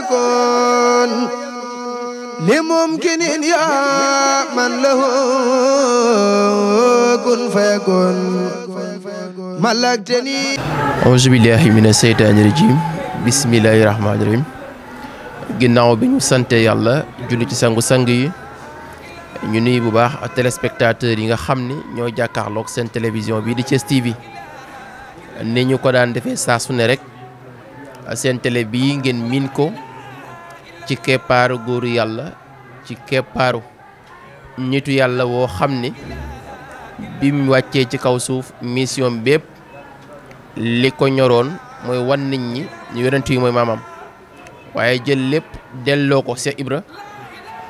يكون لممكن يا من له كن فيكون ملكتني أعوذ بالله من الشيطان ginnaaw bi ñu sante yàlla julli ci sangu-sang yi ñu nuyu bu baax ak téléspectateurs yi nga xam ni ñoo jàkkaarlook seen télévision bii di Thiès TV ni ñu ko daan defee saa ne rek seen télé bii ngeen miin ko ci keppaaru góoru yàlla ci keppaaru nitu yàlla woo xam ni bi mu wàccee ci kaw suuf mission bépp li ko ñoroon mooy wan nit ñi ñu yonent yi mooy maamam waaye jël lépp delloo ko Cheikh Ibra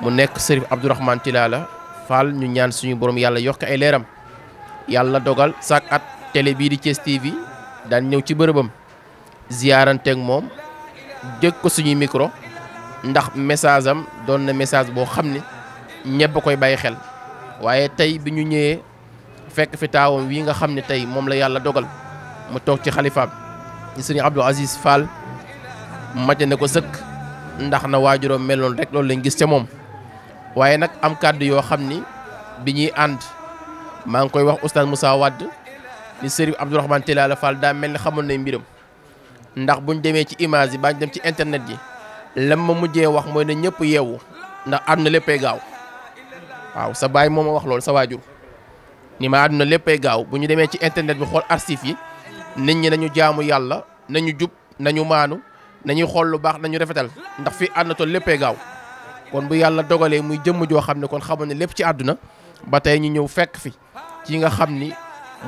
mu nekk Sërif Abdourahmane Tilala Fall ñu ñaan suñu borom yàlla yokk ay leeram yàlla dogal chaque at télé bii di Thiès TV daan ñëw ci bërëbam ziyaaranteeg moom jëkk ko suñuy micro ndax message am doon na message boo xam ne ñëpp koy bàyyi xel waaye tey bi ñu ñëwee fekk fi taawam wii nga xam ne tey moom la yàlla dogal mu toog ci xalifaam di sëriñ Abdou Aziz Fall mate na ko sëkk ndax na waajuram meloon rek loolu lañ gis ca moom waaye nag am kàddu yoo xam ni bi ñuy ànd maa ngi koy wax oustaz Moussa Wade ni sëriñ Abdourahmane Tilala Fall daa mel ni xamoon nay mbiram ndax buñ demee ci image yi baañ dem ci internet yi lam ma mujjee wax mooy ne ñëpp yeewu ndax àdduna léppay gaaw waaw sa baay moo ma wax loolu sa waajur ni ma àdduna léppay gaaw bu ñu demee ci internet bi xool archive yi nit ñi nañu jaamu yàlla nañu jub nañu maanu nañuy xool lu baax nañu rafetal ndax fii àdduna toll léppay gaaw kon bu yàlla dogalee muy jëmm joo xam ne kon xamoon ne lépp ci àdduna ba tey ñu ñëw fekk fi ci nga xam ni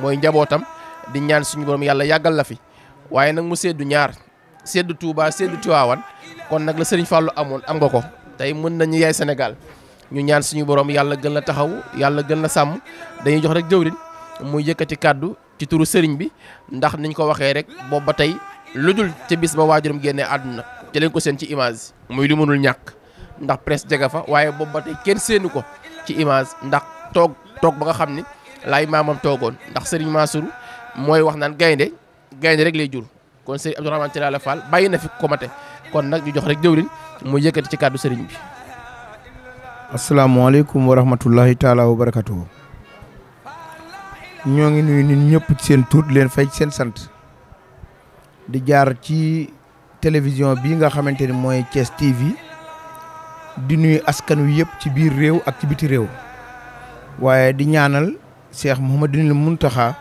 mooy njabootam di ñaan suñu borom yàlla yàggal la fi waaye nag mu seddu ñaar seddu Touba seddu Tiwaawan kon nag la Serigne Fallou amoon am nga ko tey mën nañu yaay senegal ñu ñaan suñu borom yàlla gën la taxaw yàlla gën la sàmm dañuy jox rek jëwrin muy yëkkati kàddu ci turu sëriñ bi ndax niñ ko waxee rek boobu ba tey lu dul ci bis ba waajuram génne àdduna te leen ko seen ci image muy lu mënul ñàkk ndax presse jege fa waaye boobu ba tey kenn séenu ko ci image ndax toog toog ba nga xam ni laay maamam toogoon ndax Serigne Mansour mooy wax naan gaynde gaynde rek lay jur kon Serigne Abdourahmane bàyyi na fi komate kon nag ñu jox rek jëwriñ mu yëkkati ci kàddu sëriñ bi. asalaamaaleykum wa rahmatullahi taala wa ñoo ngi nuyu nit ñëpp ci seen tur leen fay seen sant di jaar ci télévision bii nga xamante ni mooy Thiès TV di nuyu askan wi yëpp ci biir réew ak ci biti réew waaye di ñaanal Cheikh Mouhamadul Mountakha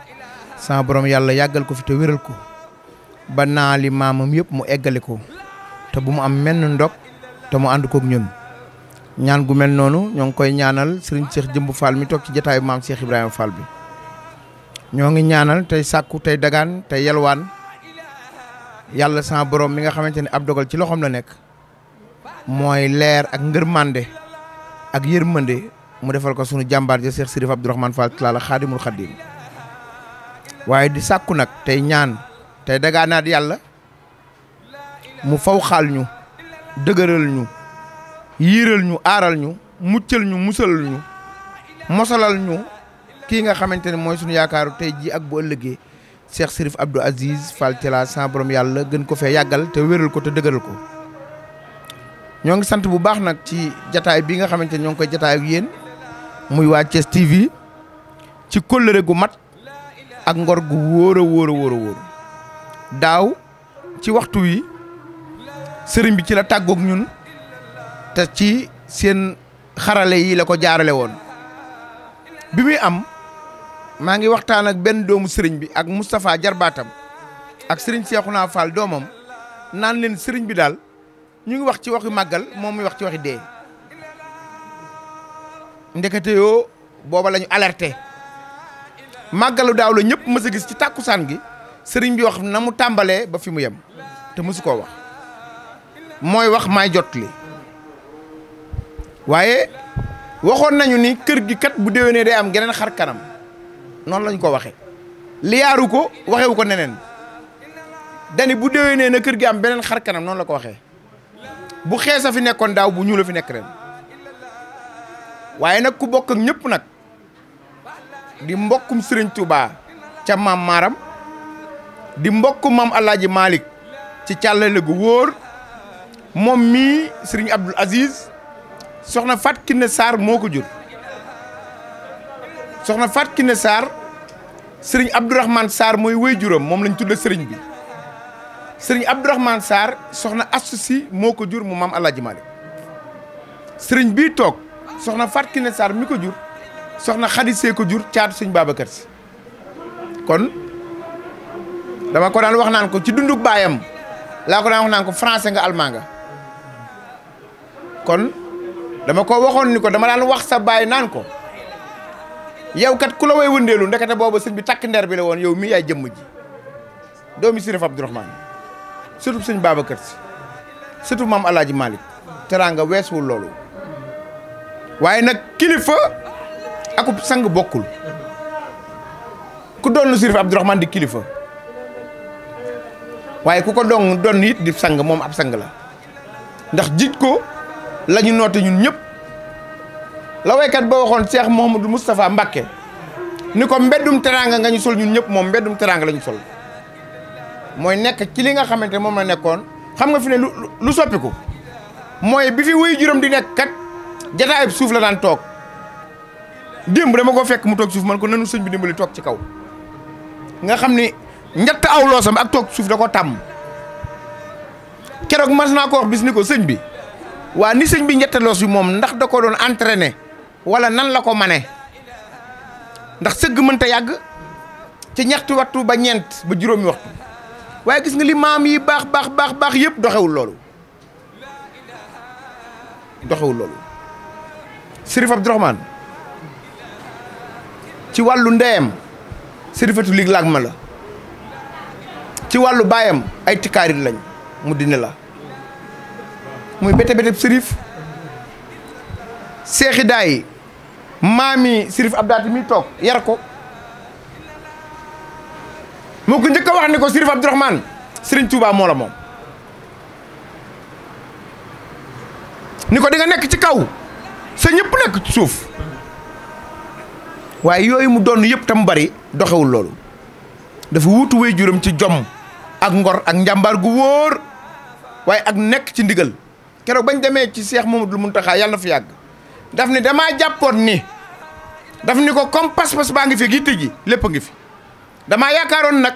sa borom yàlla yàggal ko fi te ko ba naa li maamam yëpp mu eggale ko te bu mu am menn ndog te mu ànd kook ñun ñaan gu mel noonu ñoo ngi koy ñaanal sëriñ Cheikh Jëmb Fall mi toog ci jataayu maam seex Ibrahima Fall bi ñoo ngi ñaanal tey sàkku tey dagaan tey yalwaan yàlla sama borom mi nga xamante ni ab dogal ci loxoom la nekk mooy leer ak ngërmande ak yërmande mu defal ko sunu jàmbaar ja Cheikh Sirif Abdourahmane Fall Tilala xaadimul xaddim waaye di sàkku nag tey ñaan tey dagaanaat yàlla mu faw xaal ñu dëgëral ñu yiiral ñu aaral ñu muccal ñu musalal ñu mosalal ñu kii nga xamante ne mooy suñu yaakaaru tey jii ak bu ëllëgee Cheikh Sirif Abdou Aziz Fall Tilala sa borom yàlla gën ko fee yàggal te wéral ko te dëgëral ko ñoo ngi sant bu baax nag ci jataay bii nga xamante ne ñoo ngi koy jataay ak yéen muy waa Thiès yi ci kóllëre gu mat ak ngor gu wóor a wóor wóor daaw ci waxtu wi sëriñ bi ci la tàggoog ñun te ci seen xarale yi la ko jaarale woon bi muy am maa ngi waxtaan ak benn doomu sëriñ bi ak mustafaa Jarbaatam ak sëriñ Cheikhouna Fall doomam nan leen sëriñ bi daal ñu ngi wax ci waxi màggal moom muy wax ci waxi dee ndekete yoo booba lañu alerte alerté màggalu daaw la ñëpp mës a gis ci tàkkusaan gi sëriñ bi wax na mu tàmbalee ba fi mu yem te mësu koo wax mooy wax maay jot li waaye waxoon nañu ni kër gi kat bu déwénee day am geneen xarkanam kanam noonu lañ ko waxe liyaaru ko waxewu ko neneen dani bu déwénee na kër gi am beneen xar kanam noonu la ko waxe bu xeesa fi nekkoon daaw bu ñuul a fi nekk ren waaye nag ku bokk ak ñëpp nag di mbokkum Sëriñ tubaa ca maam Maaram di mbokkum maam Alaaji Malick ci càllale gu wóor moom mii sëriñ Abdul Aziz soxna Faat Kiné Sarr moo ko jur soxna Faat Kiné Sarr sëriñ Abdourahmane Sarr mooy wéy juróom moom lañ tudda sëriñ bi sëriñ Abdourahmane Sarr soxna Astou moo ko jur mu maam Alaaji Maalik sëriñ bii toog soxna Faat Kiné Sarr mi ko jur soxna Xadi ko jur caatu sëñ Babacar Si kon dama ko daan wax naan ko ci dunduk baayam laa ko daan wax naan ko français nga allemand nga kon dama ko waxoon ni ko dama daan wax sa baay naan ko yow kat ku la way wëndeelu ndekete boobu sëñ bi takk ndeer bi la woon yow mii yaay jëmm ji doomi Sërif Abdourahmane surtout sëñ Babacar Si surtout maam El Hadj Malick teraanga weesuwul loolu waaye nag kilifa aku sang bokkul ku doon Sërif Abdourahmane di kilifa waaye ku ko doon doon it di sang moom ab sang la ndax jiit ko. la ñu noote ñun ñëpp la waykat ba waxoon Cheikh Mouhamadou Moustapha Mbacké ni ko mbeddum teranga nga ñu sol ñun ñëpp moom mbeddum teranga la ñu sol mooy nekk ci li nga xamante moom la nekkoon xam nga fi ne lu soppiku mooy bi fi wuy juróom di nekk kat jataayub suuf la daan toog démb dama ko fekk mu toog suuf man ko nanu sëñ bi dimbali toog ci kaw nga xam ni njatt aw loosam ak toog suuf da ko tàmm keroog mas naa ko bis ni ko sëñ bi waa ni sëñ bi njettaloos bi moom ndax da ko doon entraîné wala nan la ko mane ndax sëgg mënta yàgg ci ñetti waxtu ba ñeent ba juróomi waxtu waaye gis nga li maam yi baax baax baax baax yëpp doxewul loolu doxewul loolu Sërif Abdourahmane ci wàllu ndeyam sërifatu lig laag ma la ci wàllu baayam ay tikaarit lañ mu dina la muy bete bete sërif seexi daay maami sërif abdaati mi toog yar ko moo ko njëkk wax ni ko sërif abdourahman sëriñ Touba moo moom ni ko di nekk ci kaw sa ñëpp nekk ci suuf waaye yooyu mu doon yëpp tam bari doxewul loolu dafa wuutu way juram ci jomm ak ngor ak njàmbaar gu wóor waaye ak nekk ci ndigal keroog bañ demee ci Cheikh Mamadou Mountakha yàlla na fi yàgg daf ni damaa jàppoon ni daf ni ko comme pas-pas baa ngi fi yitte ji lépp a ngi fi damaa yaakaaroon nag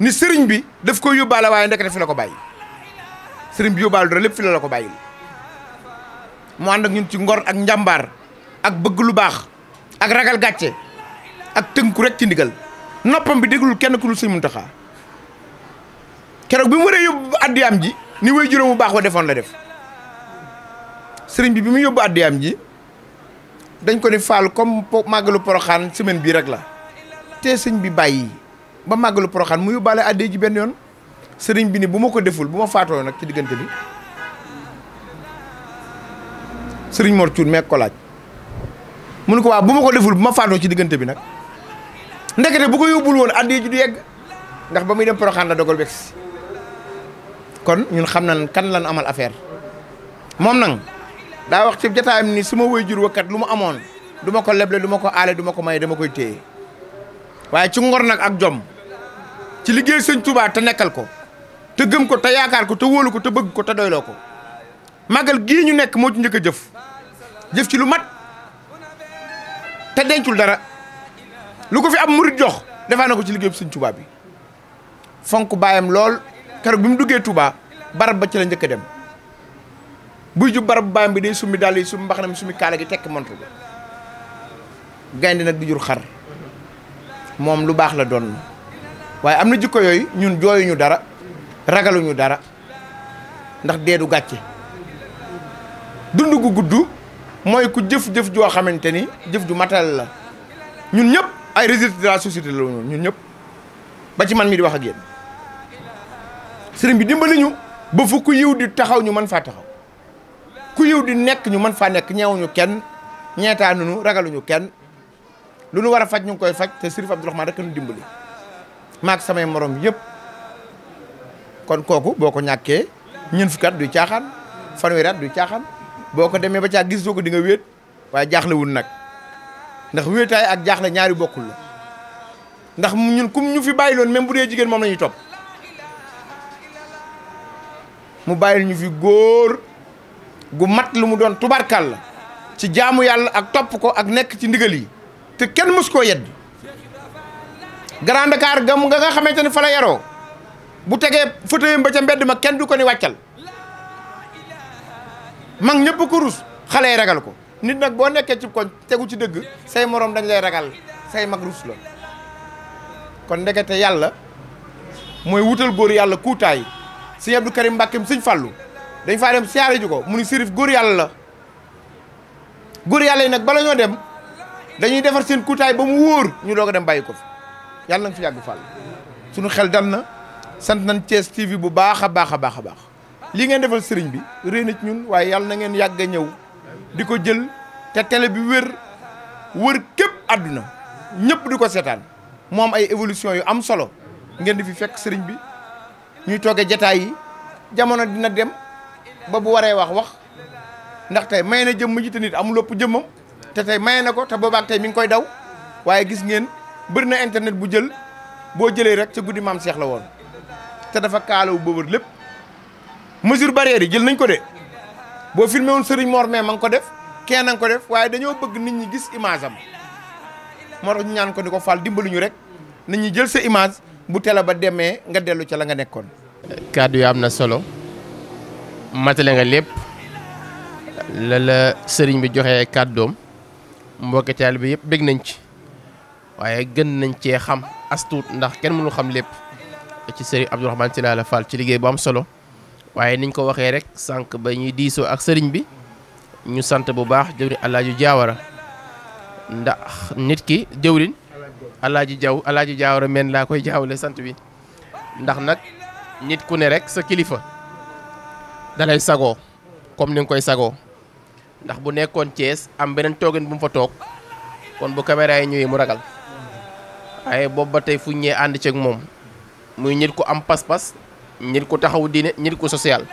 ni sëriñ bi daf ko yóbbaale waaye ndekete fi la ko bàyyi sëriñ bi yóbbaale dara lépp fi la ko bàyyi mu ànd ak ñun ci ngor ak njàmbaar ak bëgg lu baax ak ragal gàcce ak tënku rekk ci ndigal noppam bi déglul kenn ku dul sëriñ Mountakha keroog bi mu waree yóbbu addiyaam ji ni way wu baax wa defoon la def sëriñ bi bi mu yóbbu addiyaam ji dañ ko ni faal comme màggalu poroxaan semaine bii rek la te sëñ bi bàyyi ba màggalu poroxaan mu yóbbaale addiya ji benn yoon sëriñ bi ni bu ma ko deful bu ma faatoo nag ci diggante bi sëriñ Mor Cuun mu ne ko bu ma ko deful bu ma faatoo ci diggante bi nag ndekete bu ko yóbbul woon addiya ji du yegg ndax ba muy dem poroxaan la dogal beksi kon ñun xam nañ kan lan amal affaire moom nag daa wax ci jotaayam ni su ma woy jur kat lu mu amoon du ma ko leble duma ko aale duma ko may dema koy téye waaye ci ngor nag ak jom ci liggéey sëñ Tuubaa te nekkal ko te gëm ko te yaakaar ko te wóolu ko te bëgg ko te doyloo ko màggal gi ñu nekk moo ci njëkk a jëf jëf ci lu mat te dencul dara lu ko fi am murit jox defaa ko ci liggéey sëñ Tuubaa bi fonk baayam lool keroog bi mu duggee tubaa barab ba ci la njëkk a dem buy jub barab baam bi day summi dàll yi summi mbaxanam summi kaala gi tekk montu bi gaynde nag di jur xar moom lu baax la doon waaye am na jikko yooyu ñun jooyuñu dara ragaluñu dara ndax deedu gàcce dund gu gudd mooy ku jëf-jëf joo xamante ni jëf ju matal la ñun ñëpp ay résultats de la woon ñun ñëpp ba ci man mi di wax a yéen sëriñ bi dimbali ñu ba fukk yiw di taxaw ñu mën faa taxaw ku yiw di nekk ñu man faa nekk ñeewuñu kenn ñeetaanuñu ragaluñu kenn lu ñu war a faj ñu ngi koy faj te Sëriñ Abdourahmane rek ñu dimbali maak samay morom yëpp kon kooku boo ko ñàkkee ñeent fukki at du caaxaan fanweeri at du caaxaan boo ko demee ba caa gis doo ko di nga wéet waaye jaaxlewul nag ndax wéetaay ak jaaxle ñaari bokkul la ndax ñun kum ñu fi bàyyi loon même bu dee jigéen moom la ñuy topp mu bàyyil ñu fi góor gu mat lu mu doon tubarkal la ci jaamu yàlla ak topp ko ak nekk ci ndigal yi te kenn mës koo yedd Grand Dakar gam nga nga xamante ni fa la yaroo bu tegee fauteuil ba ca mbedd ma kenn du ko ni wàccal mag ñëpp ko rus xale yi ragal ko nit nag boo nekkee ci koñ tegu ci dëgg say moroom dañ lay ragal say mag rus la kon ndekete yàlla mooy wutal góor yàlla kuutaay sëñ Abdou Karim Mbàkkeem sëñ Fàllu dañ faa dem siyaare ko mu ni sirif góor yàlla la góor yàlla yi nag bala ñoo dem dañuy defar seen kutaay ba mu wóor ñu doog a dem bàyyi ko fi yàlla nga fi yàgg fàll suñu xel dal na sant nañ Thiès TV bu baax a baax a baax a baax lii ngeen defal sëriñ bi réy na ci ñun waaye yàlla na ngeen yàgg a ñëw di ko jël te tele bi wër wër képp àdduna ñëpp di ko seetaan mu am ay évolution yu am solo ngeen di fi fekk sëriñ bi ñuy toogee jataay yi jamono dina dem ba bu waree wax wax ndax tey may na jëmm ji te nit amul ëpp jëmmam te tey may na ko te boobaak tey mi ngi koy daw waaye gis ngeen bëri na internet bu jël boo jëlee rek ca guddi maam Cheikh la woon te dafa kaalawu boobu lépp mesure barrière jël nañ ko de boo filmé woon Serigne Mor mais ma ngi ko def kenn nga ko def waaye dañoo bëgg nit ñi gis image am moo tax ñu ñaan ko di ko Fall dimbaluñu rek nit ñi jël sa image bu tele ba demee nga dellu ca la nga nekkoon. kàddu yi am na solo. matale nga lépp la la sëriñ bi joxe kàddoom mbokki taal bi yëpp bég nañ ci waaye gën nañ cee xam astuut ndax kenn mënul xam lépp ci sëriñ Abdourahmane Sylla la Fall ci liggéey bu am solo waaye niñ ko waxee rek sànq ba ñuy diisoo ak sëriñ bi ñu sant bu baax jëwriñ Alaaji Jaawara ndax nit ki jëwriñ Alaaji Jaw Alaaji Jaawara men laa koy jaawale sant bi ndax nag nit ku ne rekk sa kilifa dalay sagoo comme ni nga koy sagoo ndax bu nekkoon Thiès am beneen toogin bu mu fa toog kon bu caméra yi ñëwee mu ragal ay boobu ba tey fu ñëwee ànd ceeg moom muy nit ku am pas-pas nit ku taxawu diine nit ko social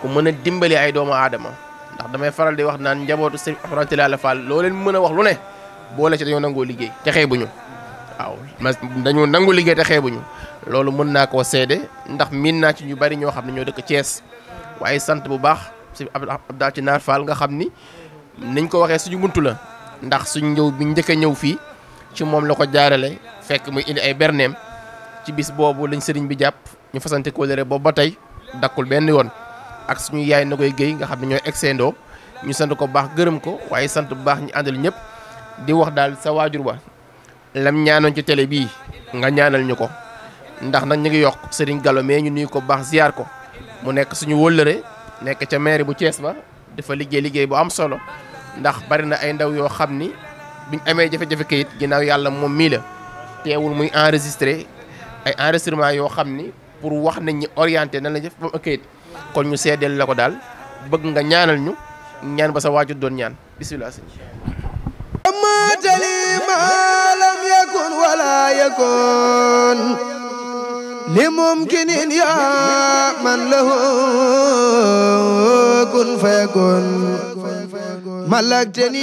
ku mën a dimbali ay doomu aadama ndax damay faral di wax naan njabootu sëñ Ahmadou Tidiane Fall mën a wax lu ne boole ci dañoo nangoo liggéey te xeebuñu waaw dañoo nangu liggéey te xeebuñu loolu mën naa koo seede ndax miin naa ci ñu bari ñoo xam ne ñoo dëkk Thiès. waaye sant bu baax si Abdou ci naar Fall nga xam ni niñ ko waxee suñu buntu la ndax suñ ñëw bi njëkk ñëw fii ci moom la ko jaarale fekk muy indi ay berneem ci bis boobu lañ sëriñ bi jàpp ñu fasante kóolere boobu ba tey dakkul benn yoon ak suñu yaay na koy géey nga xam ne ñooy exendo ñu sant ko baax gërëm ko waaye sant bu baax ñu àndal ñëpp di wax daal sa waajur ba lam ñaanoon ci tele bii nga ñaanal ñu ko ndax nag ñu ngi yokk sëriñ galo mais ñu nuyu ko baax ziar ko mu nekk suñu wóllëre nekk ca mairie bu Thiès ba dafa liggéey liggéey bu am solo ndax bari na ay ndaw yoo xam ni biñ amee jafe-jafe kayit ginnaaw yàlla moom mii la teewul muy enregistré ay enregistrement yoo xam ni pour wax nañ ñi orienté nan la def ba kayit kon ñu seedeel la ko daal bëgg nga ñaanal ñu ñaan ba sa waajur doon ñaan bismillah ma lam yakun لممكن يا من له كن فيكون ملكتني